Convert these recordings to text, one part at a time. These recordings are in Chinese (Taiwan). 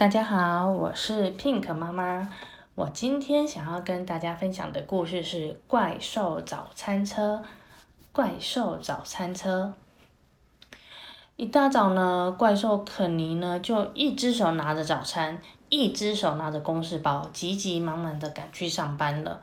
大家好，我是 Pink 媽媽。我今天想要跟大家分享的故事是《怪獸早餐車》。怪獸早餐車，一大早呢，怪獸肯尼呢就一隻手拿着早餐，一隻手拿着公事包，急急忙忙的趕去上班了。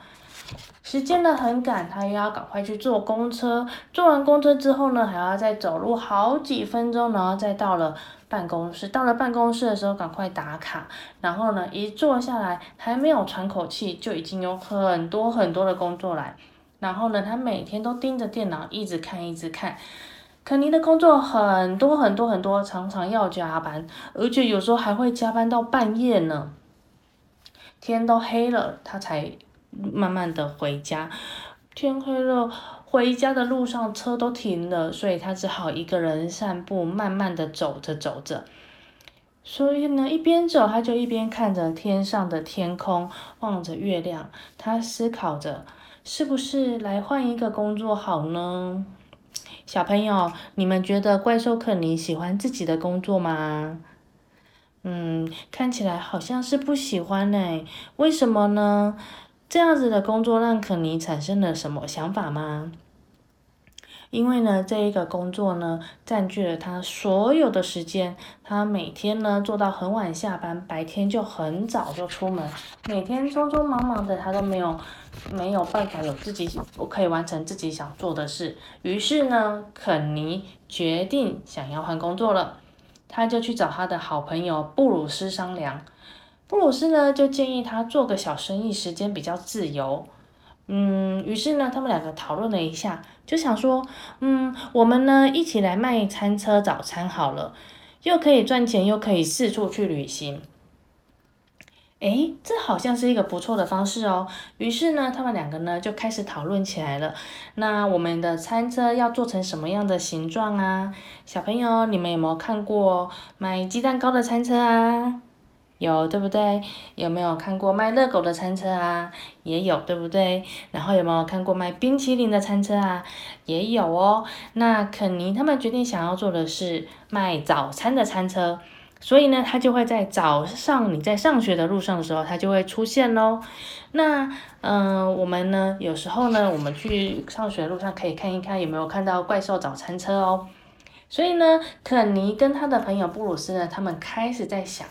時間呢很趕，他又要趕快去坐公車。坐完公車之後呢，還要再走路好幾分鐘，然後再到了。辦公室到了辦公室的時候，趕快打卡。然後呢，一坐下來，還沒有喘口氣，就已經有很多很多的工作來。然後呢，他每天都盯着電腦，一直看，一直看。肯尼的工作很多很多很多，常常要加班，而且有時候還會加班到半夜呢。天都黑了，他才慢慢的回家。天黑了。回家的路上車都停了，所以他只好一個人散步，慢慢的走着走着。所以呢，一邊走他就一邊看着天上的天空，望着月亮，他思考着是不是來換一個工作好呢？小朋友，你們覺得怪獸肯尼喜歡自己的工作嗎？嗯，看起來好像是不喜歡呢，欸，為什麼呢？這樣子的工作讓肯尼產生了什麼想法嗎？因為呢，這一個工作呢，佔據了他所有的時間，他每天呢做到很晚下班，白天就很早就出門，每天匆匆忙忙的，他都沒有沒有辦法有自己，我可以完成自己想做的事。於是呢，肯尼決定想要換工作了，他就去找他的好朋友布魯斯商量。布魯斯呢就建議他做個小生意，時間比較自由。嗯，於是呢，他們兩個討論了一下，就想說，嗯，我們呢一起來賣餐車早餐好了，又可以賺錢，又可以四處去旅行。誒，這好像是一個不錯的方式哦。於是呢，他們兩個呢就開始討論起來了。那我們的餐車要做成什麼樣的形狀啊？小朋友，你們有沒有看過賣雞蛋糕的餐車啊？有對不對？有沒有看過賣熱狗的餐車啊？也有對不對？然後有沒有看過賣冰淇淋的餐車啊？也有哦。那肯尼他們決定想要做的是賣早餐的餐車，所以呢，他就會在早上你在上學的路上的時候，他就會出現嘍。那嗯、呃，我們呢，有時候呢，我們去上學的路上可以看一看有沒有看到怪獸早餐車哦。所以呢，肯尼跟他的朋友布魯斯呢，他們開始在想。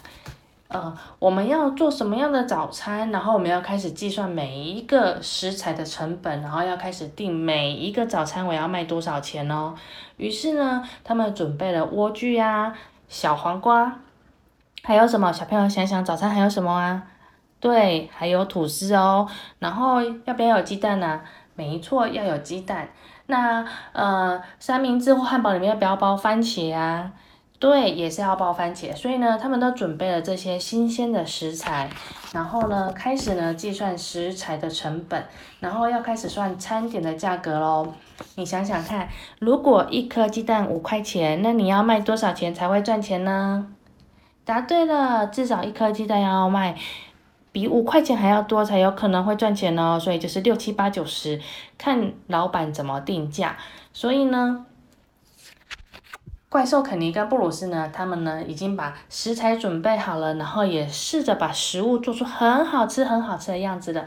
呃，我們要做什麼樣的早餐？然後我們要開始計算每一個食材的成本，然後要開始定每一個早餐我要賣多少錢哦。於是呢，他們準備了萵苣呀、小黃瓜，還有什麼？小朋友想想早餐還有什麼啊？對，還有吐司哦。然後要不要有雞蛋呢、啊？沒錯，要有雞蛋。那呃，三明治或漢堡裡面要不要包番茄啊？對，也是要包番茄，所以呢，他們都準備了這些新鮮的食材，然後呢，開始呢計算食材的成本，然後要開始算餐點的價格嘍。你想想看，如果一顆雞蛋五塊錢，那你要賣多少錢才會賺錢呢？答對了，至少一顆雞蛋要賣比五塊錢還要多，才有可能會賺錢哦。所以就是六七八九十，看老闆怎麼定價。所以呢。怪獸肯尼跟布魯斯呢，他們呢已經把食材準備好了，然後也試着把食物做出很好吃、很好吃的樣子的。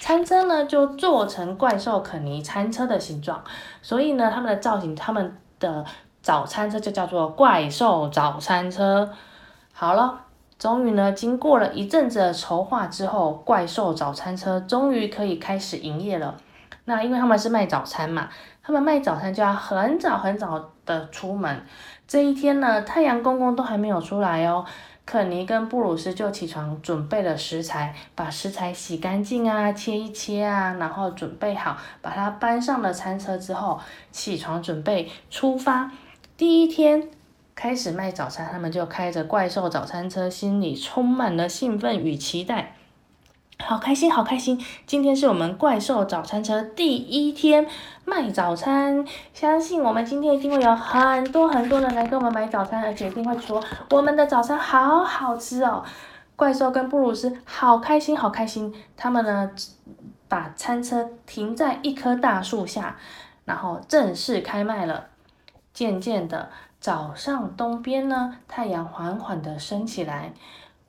餐車呢就做成怪獸肯尼餐車的形狀，所以呢，他們的造型，他們的早餐車就叫做怪獸早餐車。好了，終於呢經過了一陣子的籌劃之後，怪獸早餐車終於可以開始營業了。那因為他們是賣早餐嘛。他們賣早餐就要很早很早的出門。這一天呢，太陽公公都還沒有出來哦。肯尼跟布魯斯就起床準備了食材，把食材洗乾淨啊，切一切啊，然後準備好，把它搬上了餐車之後，起床準備出發。第一天開始賣早餐，他們就開着怪獸早餐車，心裡充滿了興奮與期待。好開心，好開心！今天是我們怪獸早餐車第一天賣早餐，相信我們今天一定會有很多很多人來跟我們買早餐，而且一定會說我們的早餐好好吃哦！怪獸跟布魯斯好開心，好開心！他們呢，把餐車停在一棵大樹下，然後正式開賣了。漸漸的，早上東邊呢，太陽緩緩的升起來。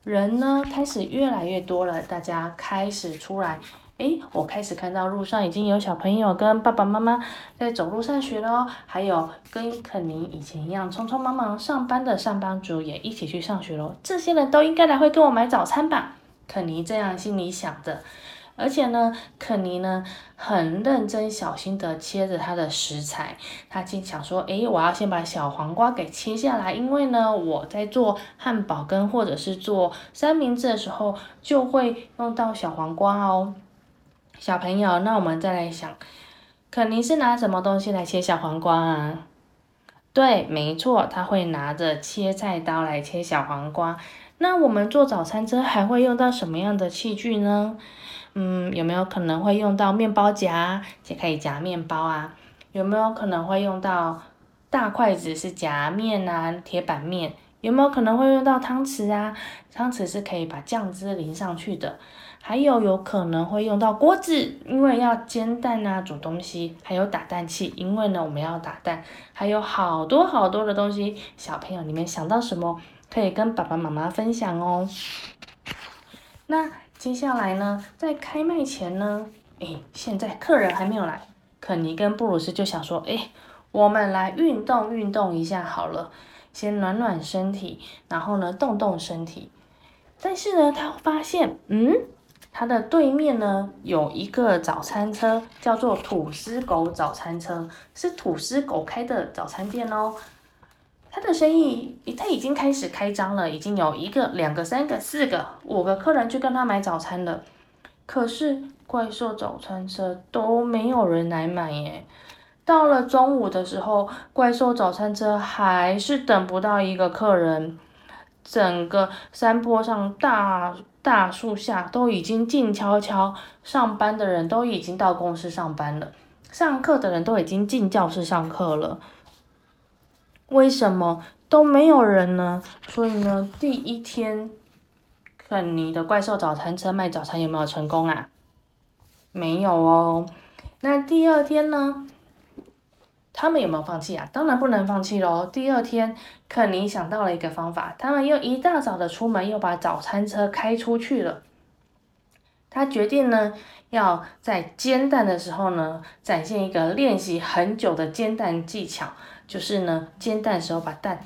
人呢，開始越來越多了，大家開始出來。誒，我開始看到路上已經有小朋友跟爸爸媽媽在走路上學咯，還有跟肯尼以前一樣，匆匆忙忙上班的上班族也一起去上學咯，這些人都應該來會跟我買早餐吧？肯尼這樣心裡想着。而且呢，肯尼呢很認真小心的切着他的食材。他經常說：“誒、欸，我要先把小黃瓜給切下來，因為呢，我在做漢堡跟或者是做三明治的時候就會用到小黃瓜哦。”小朋友，那我們再來想，肯尼是拿什麼東西來切小黃瓜啊？對，沒錯，他會拿着切菜刀來切小黃瓜。那我們做早餐之後還會用到什麼樣的器具呢？嗯，有沒有可能會用到麵包夾，也可以夾麵包啊？有沒有可能會用到大筷子是夾麵啊？鐵板麵有沒有可能會用到湯匙啊？湯匙是可以把醬汁淋上去的。還有有可能會用到鍋子，因為要煎蛋吶、啊、煮東西。還有打蛋器，因為呢，我們要打蛋。還有好多好多的東西，小朋友你們想到什麼可以跟爸爸媽媽分享哦。那。接下來呢，在開賣前呢，哎，現在客人還沒有來，肯尼跟布魯斯就想說，哎，我們來運動運動一下好了，先暖暖身體，然後呢，動動身體。但是呢，他發現，嗯，他的對面呢，有一個早餐車，叫做吐司狗早餐車，是吐司狗開的早餐店哦。他的生意他已經開始開張了，已經有一個、兩個、三個、四個、五個客人去跟他買早餐了。可是怪獸早餐車都沒有人來買耶。到了中午的時候，怪獸早餐車還是等不到一個客人。整個山坡上，大大樹下都已經靜悄悄，上班的人都已經到公司上班了，上課的人都已經進教室上課了。為什麼都沒有人呢？所以呢，第一天，肯尼的怪獸早餐車賣早餐有沒有成功啊？沒有哦。那第二天呢？他們有沒有放棄啊？當然不能放棄咯。第二天，肯尼想到了一個方法，他們又一大早的出門，又把早餐車開出去了。他決定呢，要在煎蛋的時候呢，展現一個練習很久的煎蛋技巧。就是呢，煎蛋的時候把蛋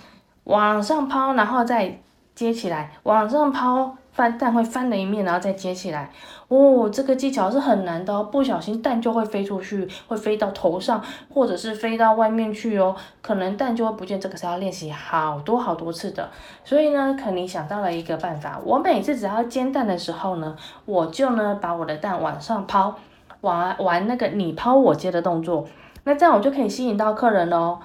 往上拋，然後再接起來，往上拋翻蛋會翻了一面，然後再接起來。哦，這個技巧是很難的，哦，不小心蛋就會飛出去，會飛到頭上，或者是飛到外面去哦，可能蛋就會不見。這個是要練習好多好多次的。所以呢，肯尼想到了一個辦法，我每次只要煎蛋的時候呢，我就呢把我的蛋往上拋，玩玩那個你拋我接的動作，那這樣我就可以吸引到客人嘍。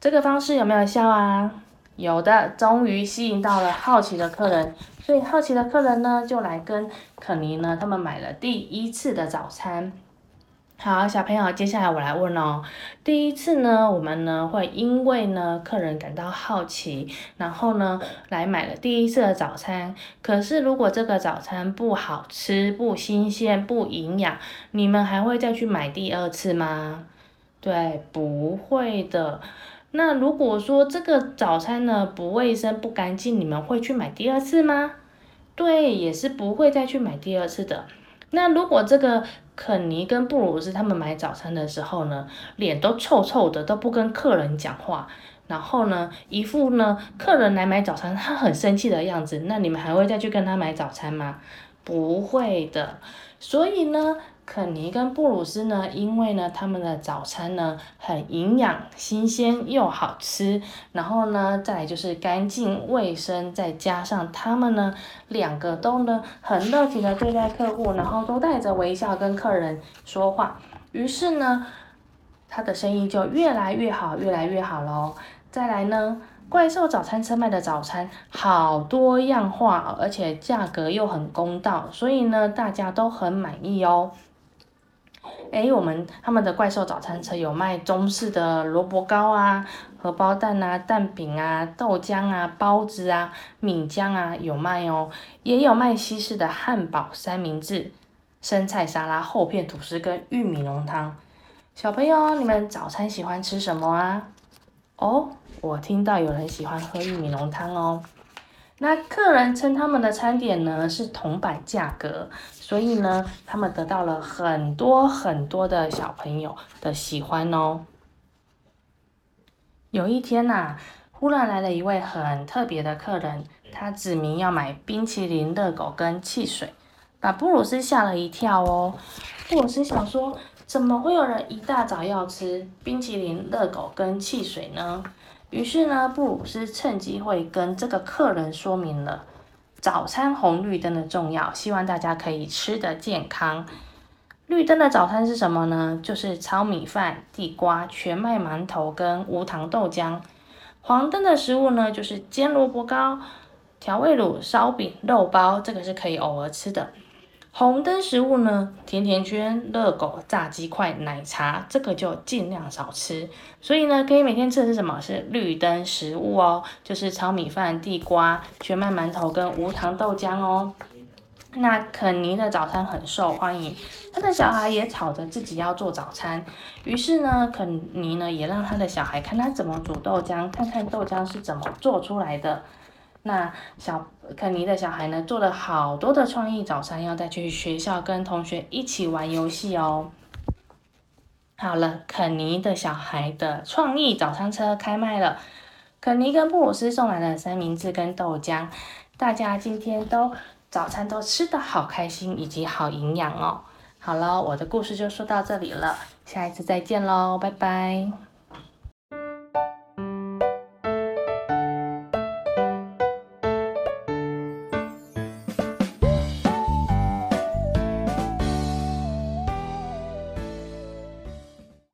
這個方式有沒有效啊？有的，終於吸引到了好奇的客人，所以好奇的客人呢，就來跟肯尼呢，他們買了第一次的早餐。好，小朋友，接下來我來問哦，第一次呢，我們呢會因為呢客人感到好奇，然後呢來買了第一次的早餐。可是如果這個早餐不好吃、不新鮮、不營養，你們還會再去買第二次嗎？對，不會的。那如果說這個早餐呢，不衛生，不乾淨，你們會去買第二次嗎？對，也是不會再去買第二次的。那如果這個肯尼跟布魯斯他們買早餐的時候呢，臉都臭臭的，都不跟客人講話，然後呢，一副呢，客人來買早餐他很生氣的樣子，那你們還會再去跟他買早餐嗎？不會的。所以呢。肯尼跟布魯斯呢，因為呢他們的早餐呢很營養、新鮮又好吃，然後呢再來就是乾淨衛生，再加上他們呢兩個都呢很熱情的對待客戶，然後都帶着微笑跟客人說話，於是呢他的生意就越來越好，越來越好嘍。再來呢怪獸早餐車賣的早餐好多樣化，而且價格又很公道，所以呢大家都很滿意哦。誒、欸，我們他們的怪獸早餐車有賣中式的蘿蔔糕啊、荷包蛋啊、蛋餅啊、豆漿啊、包子啊、米漿啊，有賣哦，也有賣西式的漢堡、三明治、生菜沙拉、厚片吐司跟玉米濃湯。小朋友，你們早餐喜歡吃什麼啊？哦，我聽到有人喜歡喝玉米濃湯哦。那客人稱他們的餐點呢是銅板價格，所以呢，他們得到了很多很多的小朋友的喜歡哦。有一天吶、啊，忽然來了一位很特別的客人，他指名要買冰淇淋、熱狗跟汽水，把布魯斯嚇了一跳哦。布魯斯想說，怎麼會有人一大早要吃冰淇淋、熱狗跟汽水呢？於是呢，布魯斯趁機會跟這個客人說明了早餐紅綠燈的重要，希望大家可以吃得健康。綠燈的早餐是什麼呢？就是糙米飯、地瓜、全麥饅頭跟無糖豆漿。黃燈的食物呢，就是煎蘿蔔糕、調味乳、燒餅、肉包，這個是可以偶爾吃的。紅燈食物呢？甜甜圈、熱狗、炸雞塊、奶茶，這個就盡量少吃。所以呢，可以每天吃的是什麼？是綠燈食物哦，就是糙米飯、地瓜、全麥饅頭跟無糖豆漿哦。那肯尼的早餐很受歡迎，他的小孩也吵着自己要做早餐。於是呢，肯尼呢也讓他的小孩看他怎麼煮豆漿，看看豆漿是怎麼做出來的。那小肯尼的小孩呢，做了好多的創意早餐，要帶去學校跟同學一起玩遊戲哦。好了，肯尼的小孩的創意早餐車開賣了。肯尼跟布魯斯送來了三明治跟豆漿，大家今天都早餐都吃得好開心，以及好營養哦。好了，我的故事就說到這裡了，下一次再見嘍，拜拜。